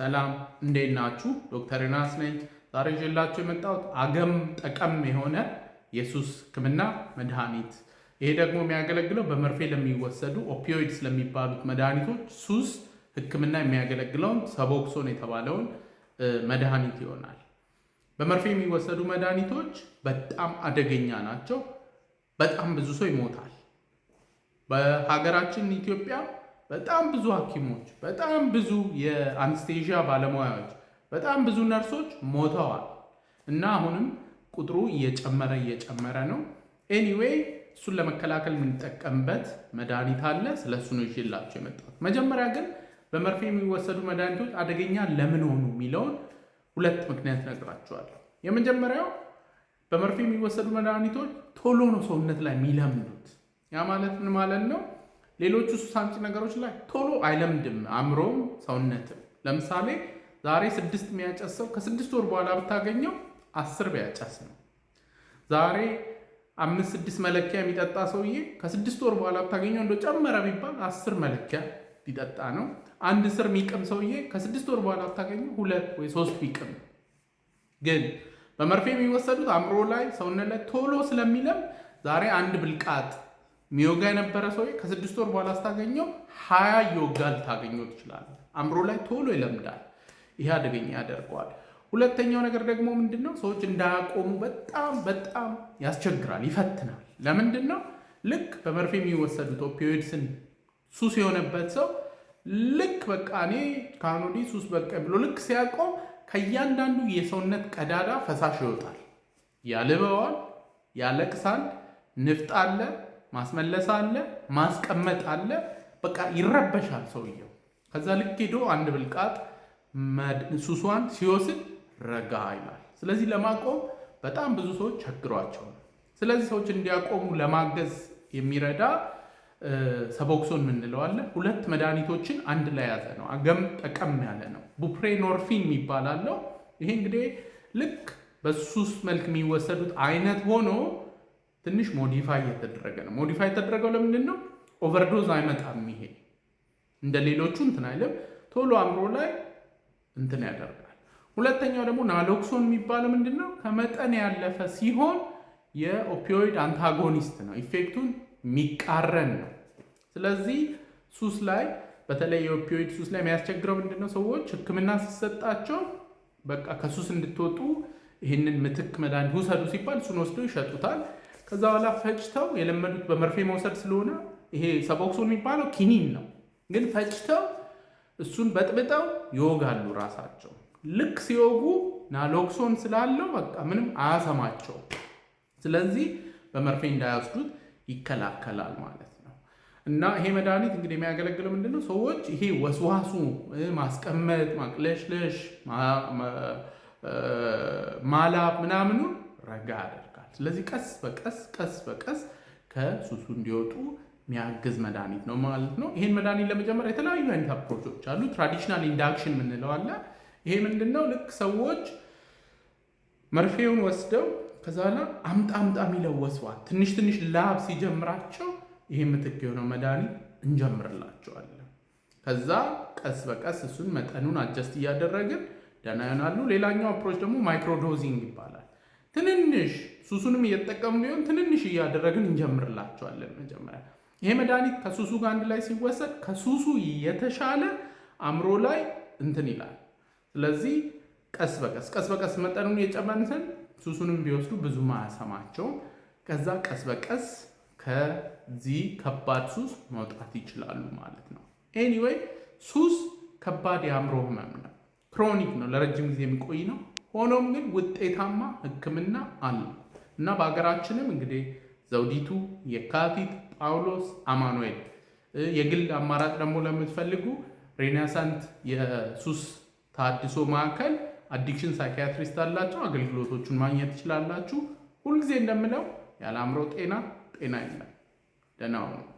ሰላም እንዴት ናችሁ? ዶክተር ዮናስ ነኝ። ዛሬ ይዤላችሁ የመጣሁት አገም ጠቀም የሆነ የሱስ ህክምና መድኃኒት። ይሄ ደግሞ የሚያገለግለው በመርፌ ለሚወሰዱ ኦፒዮይድ ለሚባሉት መድኃኒቶች ሱስ ህክምና የሚያገለግለውን ሰቦክሶን የተባለውን መድኃኒት ይሆናል። በመርፌ የሚወሰዱ መድኃኒቶች በጣም አደገኛ ናቸው። በጣም ብዙ ሰው ይሞታል። በሀገራችን ኢትዮጵያ በጣም ብዙ ሐኪሞች በጣም ብዙ የአንስቴዥያ ባለሙያዎች በጣም ብዙ ነርሶች ሞተዋል እና አሁንም ቁጥሩ እየጨመረ እየጨመረ ነው። ኤኒዌይ እሱን ለመከላከል የምንጠቀምበት መድኃኒት አለ። ስለ እሱ ነው ይዤላቸው የመጣሁት። መጀመሪያ ግን በመርፌ የሚወሰዱ መድኃኒቶች አደገኛ ለምን ሆኑ የሚለውን ሁለት ምክንያት ነግራቸዋለሁ። የመጀመሪያው በመርፌ የሚወሰዱ መድኃኒቶች ቶሎ ነው ሰውነት ላይ የሚለምዱት። ያ ማለት ምን ማለት ነው? ሌሎቹ ሱስ አምጪ ነገሮች ላይ ቶሎ አይለምድም አእምሮም ሰውነትም። ለምሳሌ ዛሬ ስድስት የሚያጨስ ሰው ከስድስት ወር በኋላ ብታገኘው አስር ቢያጨስ ነው። ዛሬ አምስት ስድስት መለኪያ የሚጠጣ ሰውዬ ከስድስት ወር በኋላ ብታገኘው እንደ ጨመረ ቢባል አስር መለኪያ ሊጠጣ ነው። አንድ ስር የሚቅም ሰውዬ ከስድስት ወር በኋላ ብታገኘው ሁለት ወይ ሶስት ቢቅም ግን በመርፌ የሚወሰዱት አእምሮ ላይ ሰውነት ላይ ቶሎ ስለሚለም ዛሬ አንድ ብልቃጥ ሚዮጋ የነበረ ሰው ከስድስት ወር በኋላ ስታገኘው ሀያ ዮጋ ልታገኘ ትችላለህ። አእምሮ ላይ ቶሎ ይለምዳል። ይህ አደገኛ ያደርገዋል። ሁለተኛው ነገር ደግሞ ምንድን ነው? ሰዎች እንዳያቆሙ በጣም በጣም ያስቸግራል፣ ይፈትናል። ለምንድን ነው? ልክ በመርፌ የሚወሰዱት ኦፒዮይድስን ሱስ የሆነበት ሰው ልክ በቃ እኔ ካኖዲ ሱስ በቃ ብሎ ልክ ሲያቆም ከእያንዳንዱ የሰውነት ቀዳዳ ፈሳሽ ይወጣል። ያልበዋል፣ ያለቅሳል፣ ንፍጥ አለ ማስመለስ አለ፣ ማስቀመጥ አለ። በቃ ይረበሻል ሰውየው። ከዛ ልክ ሄዶ አንድ ብልቃጥ ሱሷን ሲወስድ ረጋ ይላል። ስለዚህ ለማቆም በጣም ብዙ ሰዎች ቸግሯቸው ነው። ስለዚህ ሰዎች እንዲያቆሙ ለማገዝ የሚረዳ ሰቦክሶን የምንለው ሁለት መድኃኒቶችን አንድ ላይ ያዘ ነው። አገም ጠቀም ያለ ነው። ቡፕሬኖርፊን የሚባል አለው። ይሄ እንግዲህ ልክ በሱስ መልክ የሚወሰዱት አይነት ሆኖ ትንሽ ሞዲፋይ የተደረገ ነው። ሞዲፋይ የተደረገው ለምንድን ነው? ኦቨርዶዝ አይመጣም። ይሄ እንደ ሌሎቹ እንትን አይልም፣ ቶሎ አእምሮ ላይ እንትን ያደርጋል። ሁለተኛው ደግሞ ናሎክሶን የሚባለው ምንድን ነው? ከመጠን ያለፈ ሲሆን የኦፒዮይድ አንታጎኒስት ነው። ኢፌክቱን የሚቃረን ነው። ስለዚህ ሱስ ላይ በተለይ የኦፒዮይድ ሱስ ላይ የሚያስቸግረው ምንድን ነው? ሰዎች ህክምና ሲሰጣቸው በቃ ከሱስ እንድትወጡ ይህንን ምትክ መድኃኒት ውሰዱ ሲባል እሱን ወስደው ይሸጡታል። ከዛ በኋላ ፈጭተው የለመዱት በመርፌ መውሰድ ስለሆነ ይሄ ሰቦክሶን የሚባለው ኪኒን ነው፣ ግን ፈጭተው እሱን በጥብጠው ይወጋሉ ራሳቸው። ልክ ሲወጉ ናሎክሶን ስላለው በቃ ምንም አያሰማቸው። ስለዚህ በመርፌ እንዳያወስዱት ይከላከላል ማለት ነው። እና ይሄ መድኃኒት እንግዲህ የሚያገለግለው ምንድነው? ሰዎች ይሄ ወስዋሱ ማስቀመጥ፣ ማቅለሽለሽ፣ ማላ ምናምኑን ረጋ ስለዚህ ቀስ በቀስ ቀስ በቀስ ከሱሱ እንዲወጡ የሚያግዝ መድኃኒት ነው ማለት ነው። ይህን መድኃኒት ለመጀመር የተለያዩ አይነት አፕሮቾች አሉ። ትራዲሽናል ኢንዳክሽን የምንለው አለ። ይሄ ምንድነው ልክ ሰዎች መርፌውን ወስደው ከዛ ላ አምጣ አምጣ የሚለወሰዋል ትንሽ ትንሽ ላብ ሲጀምራቸው ይሄ ምትክ የሆነው መድኃኒት እንጀምርላቸዋለን። ከዛ ቀስ በቀስ እሱን መጠኑን አጀስት እያደረግን ደህና ይሆናሉ። ሌላኛው አፕሮች ደግሞ ማይክሮዶዚንግ ይባላል። ትንንሽ ሱሱንም እየተጠቀሙ ቢሆን ትንንሽ እያደረግን እንጀምርላቸዋለን። መጀመሪያ ይሄ መድኃኒት ከሱሱ ጋር አንድ ላይ ሲወሰድ ከሱሱ የተሻለ አእምሮ ላይ እንትን ይላል። ስለዚህ ቀስ በቀስ ቀስ በቀስ መጠኑን የጨመንትን ሱሱንም ቢወስዱ ብዙ ማያሰማቸውም። ከዛ ቀስ በቀስ ከዚህ ከባድ ሱስ መውጣት ይችላሉ ማለት ነው። ኤኒዌይ ሱስ ከባድ የአእምሮ ህመም ነው። ክሮኒክ ነው፣ ለረጅም ጊዜ የሚቆይ ነው። ሆኖም ግን ውጤታማ ሕክምና አለ እና በሀገራችንም እንግዲህ ዘውዲቱ፣ የካቲት፣ ጳውሎስ፣ አማኑኤል የግል አማራጭ ደግሞ ለምትፈልጉ ሬኔሳንት የሱስ ታድሶ ማዕከል አዲክሽን ሳይኪያትሪስት አላቸው። አገልግሎቶቹን ማግኘት ትችላላችሁ። ሁልጊዜ እንደምለው ያለ አእምሮ ጤና ጤና የለም። ደህና ነው።